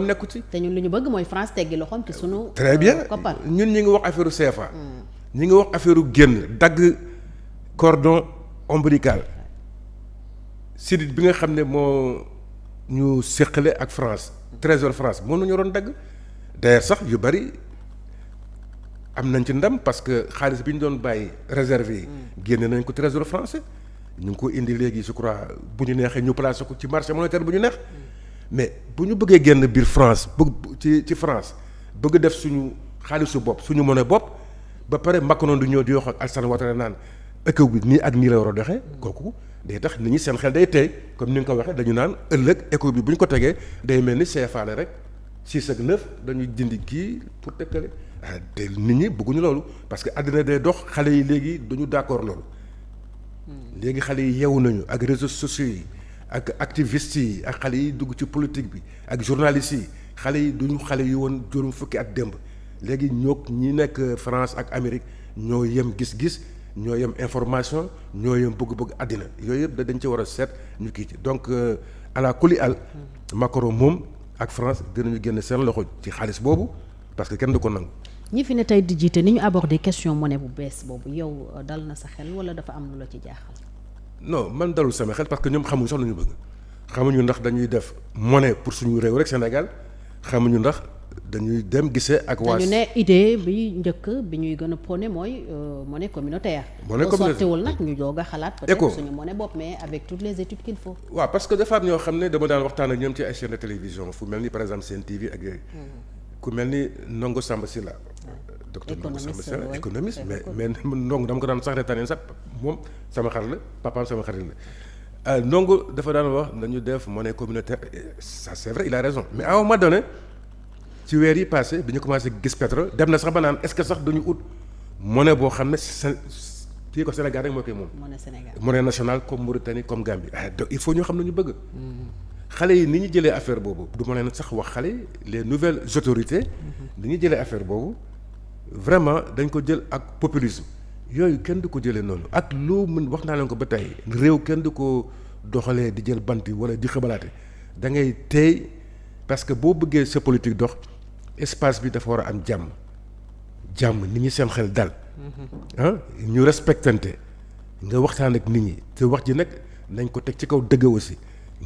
nekku ci. te ñun li ñu bëgg mooy France teggi loxoom ci sunu. très euh, bien ñun ñi ngi wax affaire CFA. Mm. ñi ngi wax affaire génn dagg cordon ombilical sidit bi nga xam ne moo ñu séqale ak France trésor France moom nañu doon dagg d'ailleurs sax yu bari am nañ ci ndam parce que xaalis bi ñu doon bàyyi réservé yi. Mm. nañ ko trésor français ñu ngi ko indi léegi je crois bu ñu neexee ñu placé ko ci marché monétaire bu ñu neex. Mm. mais bu ñu bëggee génn biir France bëgg ci ci France bëgg def suñu xaalisu bopp suñu monnaie bopp ba pare Macron du ñëw di wax ak Alassane Ouattara naan éco bi nii ak nii la war a doxee kooku day tax nit ñi seen xel day tey comme ni nga ko waxee dañu naan ëllëg éco bi bu ko tegee day mel ni CFA la rek six ak neuf dañuy dindi kii pour tëkkale ah te nit ñi bëgguñu loolu parce que àddina day dox xale yi léegi dañu d'accord loolu. Hmm. léegi xale yi yeewu nañu ak réseaux sociaux yi. ak activistes yi ak xale yi dugg ci politique bi ak journalistes yi xale yi duñu xale yi woon juróom fukki at démb léegi ñoo ñi nekk France ak Amérique ñoo yem gis-gis ñoo yem information ñoo yem bëgg-bëgg àddina yooyu yëpp dañ ci war a seet ñu kii ci donc euh, ala kuli al hmm. Macron moom ak France dinañu génn seen loxo ci xaalis boobu parce que kenn du ko nangu. ñi fi ne tey di jiite ni ñu abordé question monnaie bu bees boobu yow euh, dal na sa xel wala dafa am lu non man dalul sama xel parce que ñoom xamuñu sax lu ñu bëgg xamuñu ndax dañuy def monnaie pour suñu réew rek Sénégal xamuñu ndax dañuy dem gisee ak. waa dañu ne idée bi njëkk bi ñuy gën a prôné mooy euh, monnaie communautaire. monnaie communautaire boo sottiwul nag ñu doog a xalaat. peut-être suñu monnaie bopp mais avec toutes les études qu'il faut. waaw parce que dafa am ñoo xam ne dama daan waxtaan ak ñoom ci ay de télévision fu mel ni par exemple Sen TV ak yooyu. Mm-hmm. ku mel ni Ndongo Samba Sylla docteur Ndongo Samba Sène économiste mais mais Ndongo dama ko daan sax retaan sax moom sama xarit la papaam sama xarit la euh, Ndongo dafa daan wax nañu def monnaie communautaire ça c'est vrai la a raison mais à un moment donné ci weer yi passé bi ñu commencé gis pétrole dem na sax banaan naan est que sax duñu ut monnaie boo xam ne kii ko Sénégal rek moo koy moom. monnaie national monnaie nationale comme Mauritanie comme Gambie ah donc il faut ñu xam ne ñu bëgg. Mm-hmm. xale yi ni ñu jëlee affaire boobu. du ma leen sax wax xale yi les nouvelles autorités. Mm-hmm. ni ñu jëlee affaire boobu. vraiment dañ ko jël ak populisme yooyu kenn du ko jële noonu ak loo mën wax naa leen ko ba tey réew kenn du ko doxalee di jël bant yi wala di xëbalaate da teey parce que boo bëggee sa politique dox espace bi dafa war a am jàmm jàmm nit ñi seen xel dal mm-hmm. ah ñu respectante nga waxtaan ak nit ñi te wax ji nag nañ ko teg ci kaw dëgg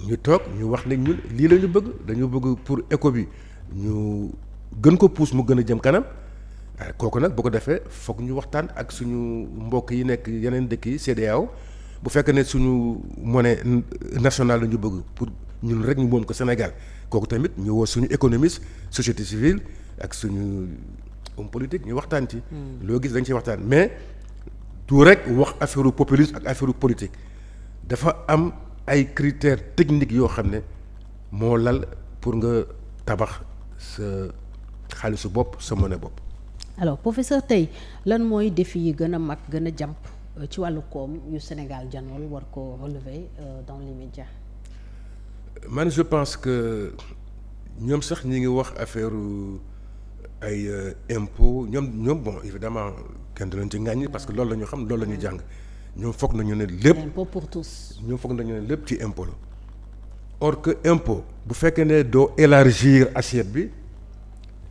ñu toog ñu wax ne ñun lii la ñu bëgg dañu bëgg pour éco bi ñu gën ko pousse mu gën a jëm kanam Euh, kooku nag boo ko defee foog ñu waxtaan ak suñu mbokk yi nekk yeneen dëkk yi CEDEAO bu fekkee ne suñu mone national la ñu bëgg pour ñun rek ñu moom ko Sénégal kooku tamit ñu woo suñu économiste société civile ak suñu homme politique ñu waxtaan ci. Hmm. loo gis dañ ciy waxtaan mais du rek wax affaire populiste ak affaire politique dafa am ay critères techniques yoo xam ne moo lal pour nga tabax sa xaalisu bopp sa monnaie bopp. alors professeur tey lan mooy défi yi gën a mag gën a jàmp euh, ci wàllu koom yu Sénégal janool war ko relever euh, dans l'immédiat man je pense que ñoom sax ñi ngi wax affaire euh, ay impôt ñoom ñoom bon évidemment kenn du leen ci ngàññi parce que loolu la ñu xam loolu la ñu jàng ñoom foog nañu ne lépp impôt pour tous ñoom foog nañu ne lépp ci impôt la or que impôt bu fekkee ne doo élargir assiette bi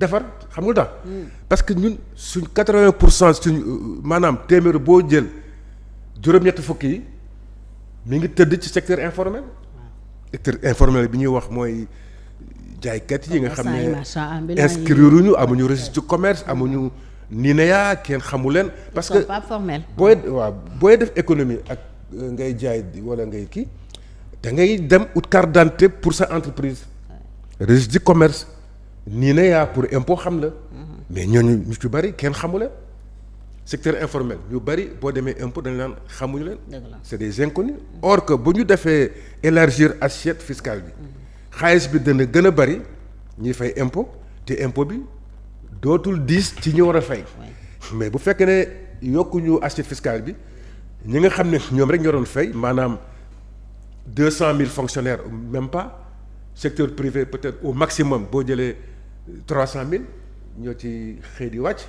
defar xam nga lu tax. Hmm. parce que ñun suñ quatre vingt pour cent suñ euh, maanaam téeméer boo jël juróom-ñetti fukk yi mi ngi tëdd ci secteur informel. secteur informel bi ñuy wax mooy jaaykat yi nga xam ne inscrire ñu amuñu ci commerce amuñu NINEA kenn xamu leen. parce que pas formel. booy waaw booy def économie ak euh, ngay jaay walla ngay kii da ngay dem ut carte d'identité pour sa entreprise. registre commerce. nii na yaa pour impôt xam la mais ñooñu ñu ci bëri kenn xamu leen secteur informel ñu bëri boo demee impôt dañu naan xamuñu leen c'est des inconnus or que bu ñu defee élargir assiette fiscale bi xaalis bi dana gën a bëri ñuy fay impôt te impôt bi dootul diis ci ñu war a fay mais bu fekkee ne yokkuñu assiette fiscale bi ñi nga xam ne ñoom rek ñoo doon fay maanaam deux cent mille fonctionnaires même pas secteur privé peut-être au maximum boo jëlee trois cent mille ñoo ci xëy di wàcc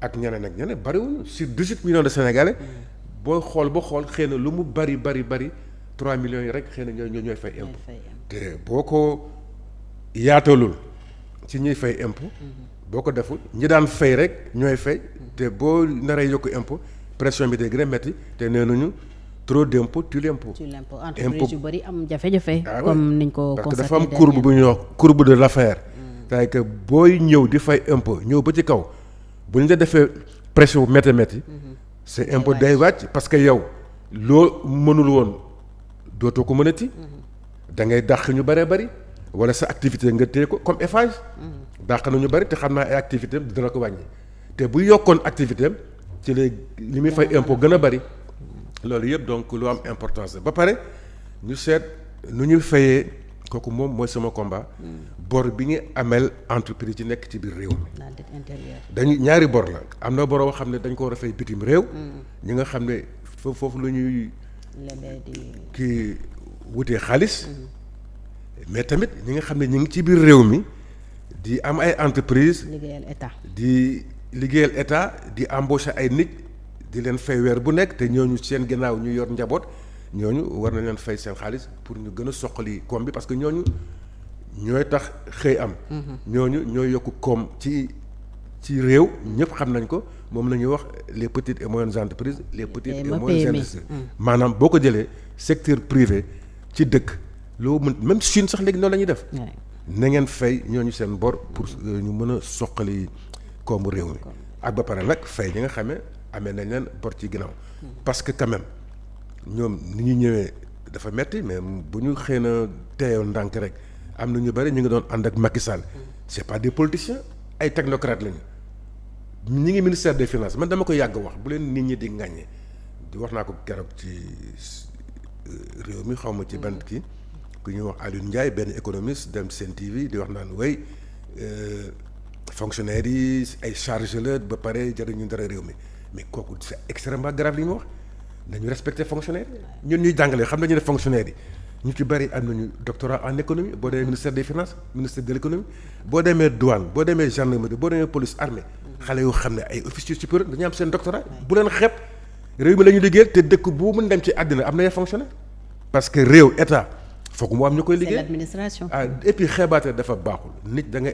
ak ñeneen nag ñeneen bariwuñu sur dix-huit millions de sénégalais. Mm. boo xool ba xool xëy na lu mu bari bari bari trois millions yi rek xëy na ñooy ñooy fay impôt. te boo ko yaatalul ci ñuy fay imp mm-hmm. boo ko deful ñi daan fay rek ñooy fay. Mm-hmm. te boo naree yokk impôt pression bi day gën a te nee nañu trop d' impôt tue l' impôt. tue l' impôt entreprise yu bari am jafe-jafe. Ah comme niñ ko constaté parce que dafa am courbe bu ñuy wax courbe de l' c'est que booy ñëw di fay impôt ñëw ba ci kaw bu ñu la defee pression métti métti mhm. c'est impôt day wàcc parce que yow loo mënul woon dootoo ko mënati mhm. da ngay dàq ñu bëree bëri wala sa activité nga téye ko comme Eiffage mhm. dàq na ñu bëri te xam naa ay activité am dina ko wàññi te bu yokkoon activité am ci lay li muy fay impôt gën a bëri loolu yëpp donc lu am importance ba pare ñu seet nu ñuy fayee kooku moom mooy sama combat. bor bi ñu ameel entreprise yi nekk ci biir réew mi. dañu ñaari bor la am na bor boroo xam ne dañ ko war a fay bitim réew. Mm. ñi nga xam ne foofu la ñuy. ki wutee xaalis. Mm. mais tamit ñi nga xam ne ñu ngi ci biir réew mi di am ay entreprise liggéeyal di liggéeyal état di embaucher ay nit di leen fay bu nekk te ñooñu seen gannaaw ñu yor njaboot. ñooñu war nañ leen fay seen xaalis pour ñu gën a soqali bi parce que ñooñu ñooy tax xëy am. Mm-hmm. ñooñu ñooy yokk koom ci ci réew ñëpp xam nañ ko moom la ñuy wax les petites et moyennes entreprises. les petites et mm. maanaam boo ko jëlee secteur privé ci dëkk loo mën même Chine sax léegi noonu lañuy ñuy def. na ngeen fay ñooñu seen bor pour ñu mën a soqali koomu réew mi. ak ba pare nag fay ñi nga xamee amee nañ leen bor ci ginnaaw. Mm. parce que quand même. ñoom ni ñu ñëwee dafa metti mais bu ñu xëy na teeyoon ndànk rek am na ñu bëri ñu ngi doon ànd ak Macky Sall. c'est pas des politiciens ay technocrates lañu. ñi ngi ministère des finances man dama ko yàgg wax bu leen nit ñi di ŋàññe di wax naa ko keroog ci euh, réew mi xaw ma ci bant ki ku ñuy wax Alioune Ndiaye benn économiste dem seen TV di wax naan way euh, fonctionnaires yi ay charge la ba pare jariñu dara réew mi mais kooku c'est extrêmement grave li mu wax nañu respecter fonctionnaire ñun ñuy jàngale xam nañu ne fonctionnaire yi ñu ci bari am nañu doctorat en économie boo demee ministère des finances ministère de l' économie boo demee douane boo demee gendarmerie boo demee police armée xale yoo xam ne ay officiers supérieurs dañu am seen doctorat bu leen xeeb réew mi la ñu liggéeyal te dëkk bu mën dem ci àddina am na ay fonctionnaire parce que réew état foog moo am ñu koy liggéey l'administration ah et puis xeebaate dafa baaxul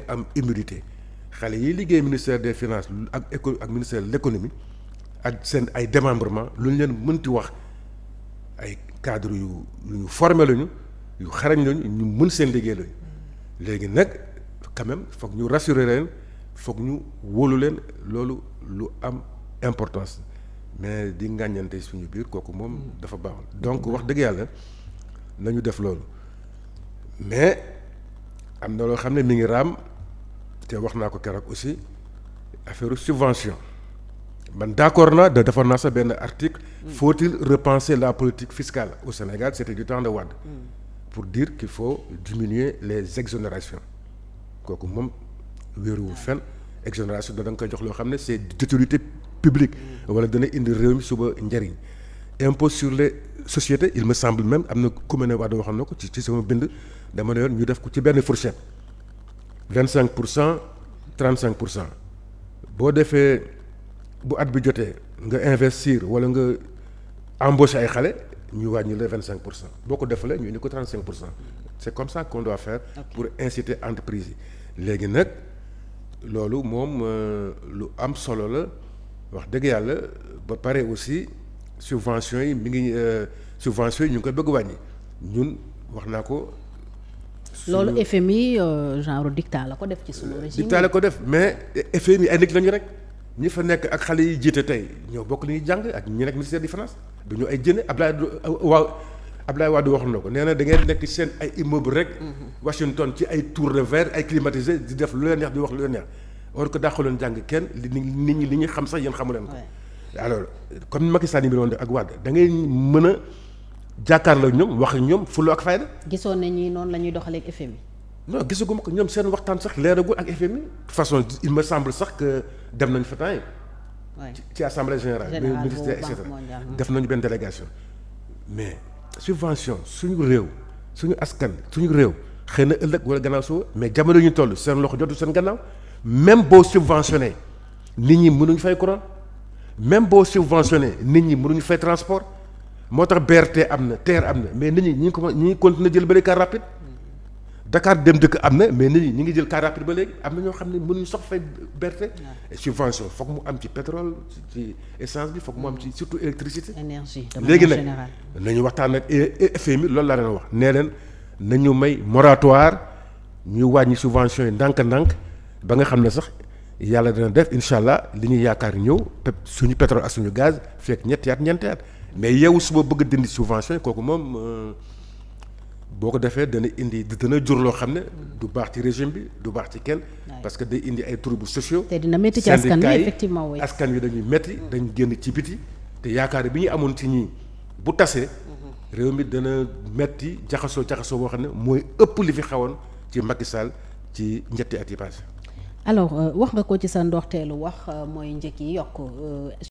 am humilité xale yi liggéey ministère des finances ak éco ak ministère de ak seen ay démembrement lu ñu leen mënti wax ay cadre yu ñu formé lañu yu xarañ lañu ñu mën seen liggéey lañu léegi nag quand foog ñu rassurer leen foog ñu wóolu leen loolu lu am importance mais di ngàññante suñu biir kooku moom dafa baaxul donc wax dëgg yàlla nañu def loolu mais am na loo xam ne mi ngi raam te wax naa ko keroog aussi affaire subvention man d'accord naa de defoon naa sa benn article. faut-il repenser la politique fiscale au Sénégal c'était du temps de Wade. Mm. pour dire qu'il faut diminuer les exonérations kooku moom wéeruwul fenn exonération da nga koy jox loo xam ne c'est d'utilité publique. Mm. wala dana indi réew mi suba njariñ. impôt sur les sociétés il me semble même am na ku ma ne Wade waxoon na ko ci ci sama bind dama ne yoon ñu def ko ci benn fourchette. vingt cinq pour cent trente cinq pour cent boo defee. bu at bi jotee nga investir wala nga embaucher ay xale ñu wàññi la vingt cinq pour cent boo ko defalee ñu indi ko trente cinq pour cent c' comme ça qu'on doit faire pour inciter entreprise yi léegi nag loolu moom euh, lu am solo la wax dëgg yàlla ba pare aussi subvention yi mi ngi euh, subvention yi ñu ngi koy bëgg wàññi ñun wax naa ko loolu FMI euh, genre dictat la ko def ci sunu régime dictat la ko def mais FMI ay nit lañu rek ñi fa nekk ak xale yi jiite tey ñoo bokk li ñuy jàng ak ñi nekk ministère di finances du ñu ay jëne Abdoulaye euh, waaw Abdoulaye Wade wax na ko nee na da ngeen nekk seen ay immeuble rek. Mm-hmm. Washington ci ay tour de verre ay climatisé di def lu leen neex di wax lu leen neex war ko dàqaloon jàng kenn nit ñi li ñuy xam sax yéen xamu leen ko. alors comme Macky Sall yi mi doon def ak Wade da ngay mën a jàkkaar jàkkaarloo ñoom wax ñoom fulla ak fayda. gisoon ne ni noonu la ñuy doxalee ak FMI non gisaguma ko ñoom seen waxtaan sax leeragul ak FMI façon il me semble sax que dem nañ fa temps ci assemblée générale ministre def nañu benn délégation mais subvention suñu réew suñu askan suñu réew xëy na ëllëg wala gannaaw suba mais jamono ñu toll seen loxo jotu seen gannaaw même boo subventionné nit ñi mënuñ fay courant même boo subventionné nit ñi mënuñ fay transport moo tax berte am na TER am na mais nit ñi ñi ngi commencé ñi ngi continuer jël bëri car rapide Dakar dem dëkk am na mais nit ñi ñu ngi jël car rapide ba léegi am na ñoo xam ne mënuñu sox fay berte subvention foog mu am ci pétrole ci essence bi foog mu am ci surtout électricité énergie léegi nag nañu waxtaan ak e, e, FMI loolu laa leen wax nee leen nañu may moratoire ñuy wàññi subvention yi ndànk-ndànk ba nga xam ne sax yàlla dina def incha allah li ñuy yaakaar ñëw te suñu pétrole ak suñu gaz fekk ñetti at ñeenti at mais yow suba bëgg dindi subvention kooku moom euh, boo ko defee dana indi dana jur loo xam ne mm. du baax ci régime bi du baax ci kenn parce que day indi ay troubles sociaux. te dina métti ci askan wi effectivement oui askan wi dañuy métti mm. dañ génn ci biti te yaakaar bi ñu amoon ci ñii bu tasee mm-hmm. réew mi dana métti jaxasoo jaxasoo boo xam ne mooy ëpp li fi xawoon ci Macky Sall ci ñetti at yi passé alors euh, wax nga ko ci sa ndoorteelu wax euh, mooy njëkk yi yokk euh,